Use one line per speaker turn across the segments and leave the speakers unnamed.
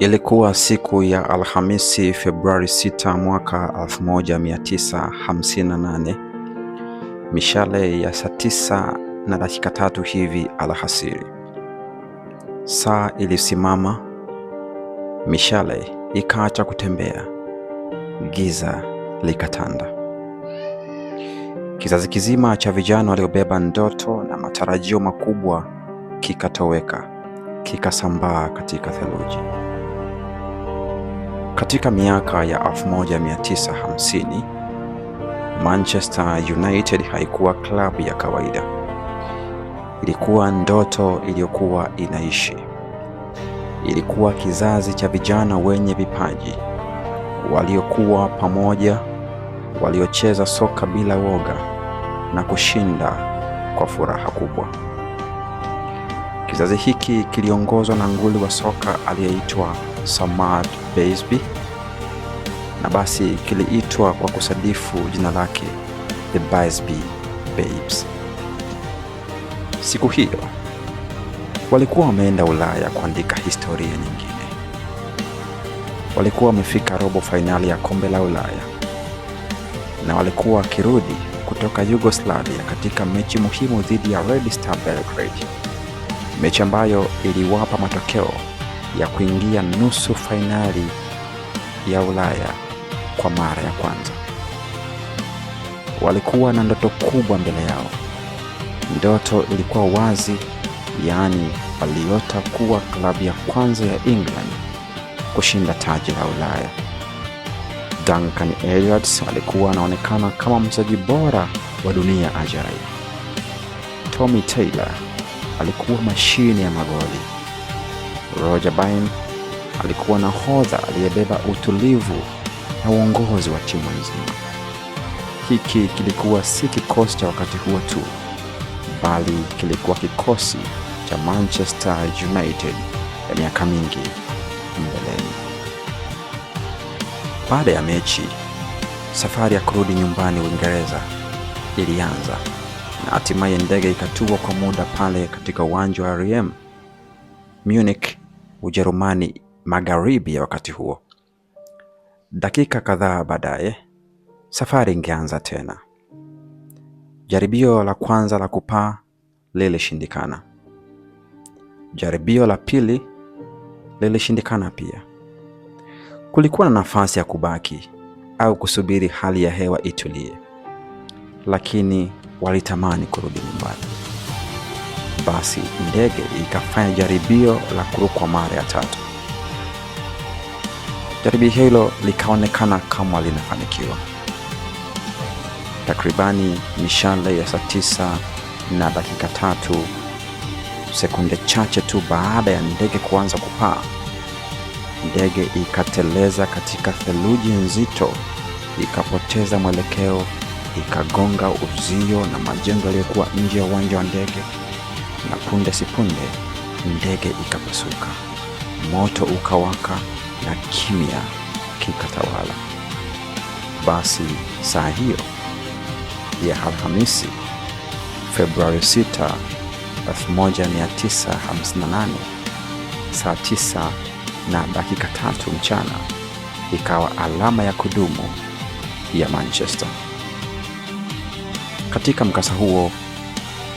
Ilikuwa siku ya Alhamisi, Februari 6 mwaka 1958 mishale ya saa tisa na dakika tatu hivi alhasiri. Saa ilisimama, mishale ikaacha kutembea, giza likatanda. Kizazi kizima cha vijana waliobeba ndoto na matarajio makubwa kikatoweka, kikasambaa katika theluji. Katika miaka ya 1950 Manchester United haikuwa klabu ya kawaida. Ilikuwa ndoto iliyokuwa inaishi. Ilikuwa kizazi cha vijana wenye vipaji waliokuwa pamoja, waliocheza soka bila woga na kushinda kwa furaha kubwa. Kizazi hiki kiliongozwa na nguli wa soka aliyeitwa Samad Baisby na basi kiliitwa kwa kusadifu jina lake The basby Babes. Siku hiyo walikuwa wameenda Ulaya kuandika historia nyingine. Walikuwa wamefika robo fainali ya kombe la Ulaya na walikuwa wakirudi kutoka Yugoslavia katika mechi muhimu dhidi ya Red Star Belgrade, mechi ambayo iliwapa matokeo ya kuingia nusu fainali ya Ulaya kwa mara ya kwanza. Walikuwa na ndoto kubwa mbele yao. Ndoto ilikuwa wazi, yaani waliota kuwa klabu ya kwanza ya England kushinda taji la Ulaya. Duncan Edwards alikuwa anaonekana kama mchezaji bora wa dunia ajaye. Tommy Taylor alikuwa mashine ya magoli. Roger Byrne alikuwa nahodha aliyebeba utulivu na uongozi wa timu nzima. Hiki kilikuwa si kikosi cha wakati huo tu, bali kilikuwa kikosi cha Manchester United ya miaka mingi mbeleni. Baada ya mechi, safari ya kurudi nyumbani Uingereza ilianza na hatimaye ndege ikatua kwa muda pale katika uwanja wa rm Munich Ujerumani Magharibi ya wakati huo. Dakika kadhaa baadaye, safari ingeanza tena. Jaribio la kwanza la kupaa lilishindikana. Jaribio la pili lilishindikana pia. Kulikuwa na nafasi ya kubaki au kusubiri hali ya hewa itulie, lakini walitamani kurudi nyumbani basi ndege ikafanya jaribio la kurukwa mara ya tatu. Jaribio hilo likaonekana kama linafanikiwa. Takribani mishale ya saa tisa na dakika tatu, sekunde chache tu baada ya ndege kuanza kupaa, ndege ikateleza katika theluji nzito, ikapoteza mwelekeo, ikagonga uzio na majengo yaliyokuwa nje ya uwanja wa ndege na punde sipunde ndege ikapasuka, moto ukawaka na kimya kikatawala. Basi saa hiyo ya Alhamisi Februari 6, 1958 saa 9 na dakika tatu mchana ikawa alama ya kudumu ya Manchester. Katika mkasa huo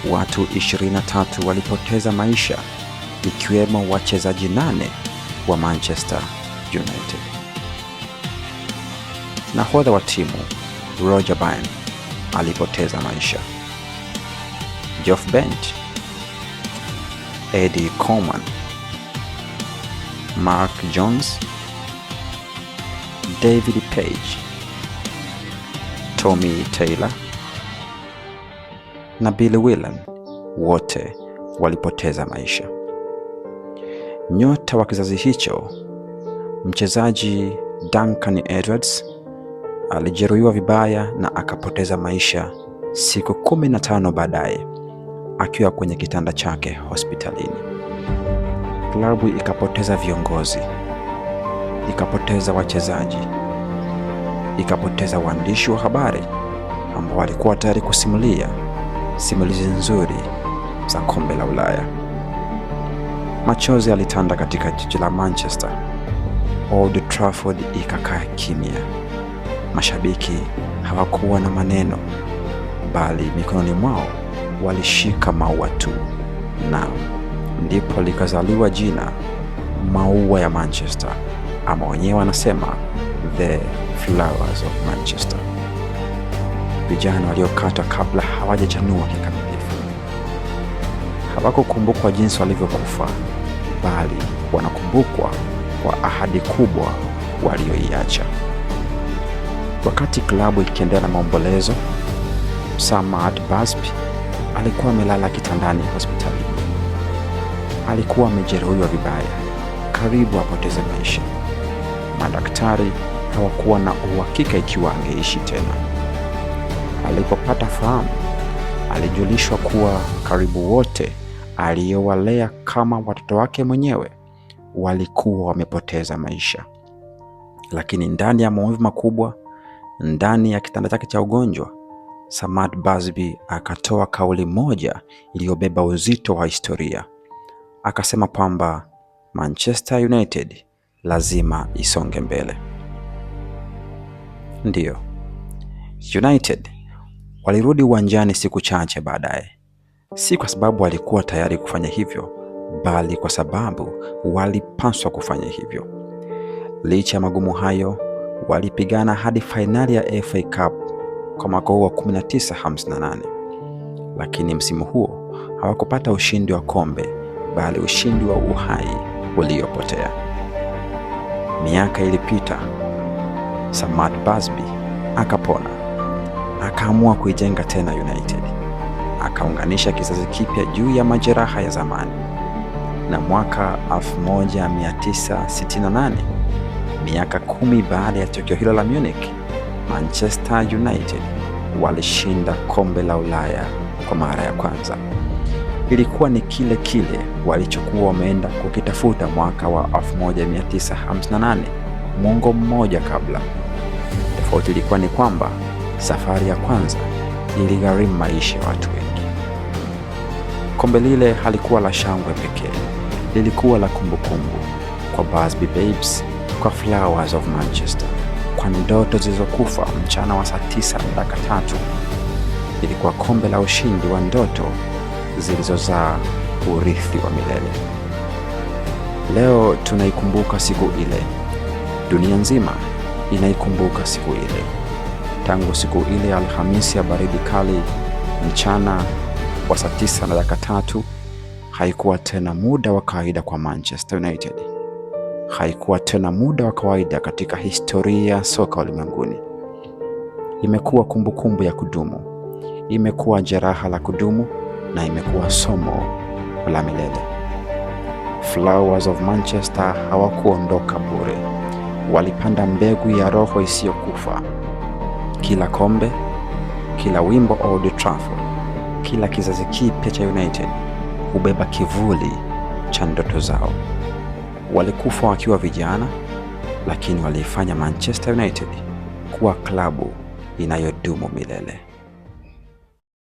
watu 23 walipoteza maisha ikiwemo wachezaji nane wa Manchester United. Nahodha wa timu Roger Byrne alipoteza maisha. Geoff Bent, Eddie Coleman, Mark Jones, David Page, Tommy Taylor na Billy Whelan wote walipoteza maisha. Nyota wa kizazi hicho, mchezaji Duncan Edwards alijeruhiwa vibaya na akapoteza maisha siku tano baadaye akiwa kwenye kitanda chake hospitalini. Klabu ikapoteza viongozi, ikapoteza wachezaji, ikapoteza waandishi wa habari ambao walikuwa tayari kusimulia simulizi nzuri za kombe la Ulaya. Machozi alitanda katika jiji la Manchester. Old Trafford ikakaa kimya. Mashabiki hawakuwa na maneno, bali mikononi mwao walishika maua tu, na ndipo likazaliwa jina maua ya Manchester, ama wenyewe wanasema the flowers of Manchester. Vijana waliokata kabla hawajachanua kikamilifu, hawakukumbukwa jinsi walivyokufa, bali wanakumbukwa kwa ahadi kubwa walioiacha. Wakati klabu ikiendelea na maombolezo, Samad Basbi alikuwa amelala kitandani hospitalini. Alikuwa amejeruhiwa vibaya, karibu apoteze maisha. Madaktari hawakuwa na uhakika ikiwa angeishi tena. Alipopata fahamu alijulishwa kuwa karibu wote aliyowalea kama watoto wake mwenyewe walikuwa wamepoteza maisha. Lakini ndani ya maumivu makubwa, ndani ya kitanda chake cha ugonjwa, Samat Busby akatoa kauli moja iliyobeba uzito wa historia. Akasema kwamba Manchester United lazima isonge mbele. Ndiyo, United Walirudi uwanjani siku chache baadaye, si kwa sababu walikuwa tayari kufanya hivyo, bali kwa sababu walipaswa kufanya hivyo. Licha ya magumu hayo, walipigana hadi fainali ya FA Cup kwa mwaka huo wa 1958 lakini msimu huo hawakupata ushindi wa kombe, bali ushindi wa uhai uliopotea. Miaka ilipita, Samat Busby akapona akaamua kuijenga tena United, akaunganisha kizazi kipya juu ya majeraha ya zamani, na mwaka 1968 miaka kumi baada ya tukio hilo la Munich, Manchester United walishinda kombe la Ulaya kwa mara ya kwanza. Ilikuwa ni kile kile walichokuwa wameenda kukitafuta mwaka wa 1958, mwongo mmoja kabla. Tofauti ilikuwa ni kwamba Safari ya kwanza iligharimu maisha ya watu wengi. Kombe lile halikuwa la shangwe pekee, lilikuwa la kumbukumbu kwa Busby Babes, kwa Flowers of Manchester, kwa ndoto zilizokufa mchana wa saa tisa dakika tatu. Ilikuwa kombe la ushindi wa ndoto zilizozaa urithi wa milele. Leo tunaikumbuka siku ile, dunia nzima inaikumbuka siku ile. Tangu siku ile ya Alhamisi ya baridi kali mchana wa saa tisa na dakika tatu, haikuwa tena muda wa kawaida kwa Manchester United. Haikuwa tena muda wa kawaida katika historia ya soka ulimwenguni. Imekuwa kumbukumbu ya kudumu, imekuwa jeraha la kudumu, na imekuwa somo la milele. Flowers of Manchester hawakuondoka bure, walipanda mbegu ya roho isiyokufa kila kombe, kila wimbo Old Trafford, kila kizazi kipya cha United hubeba kivuli cha ndoto zao. Walikufa wakiwa vijana, lakini waliifanya Manchester United kuwa klabu inayodumu milele.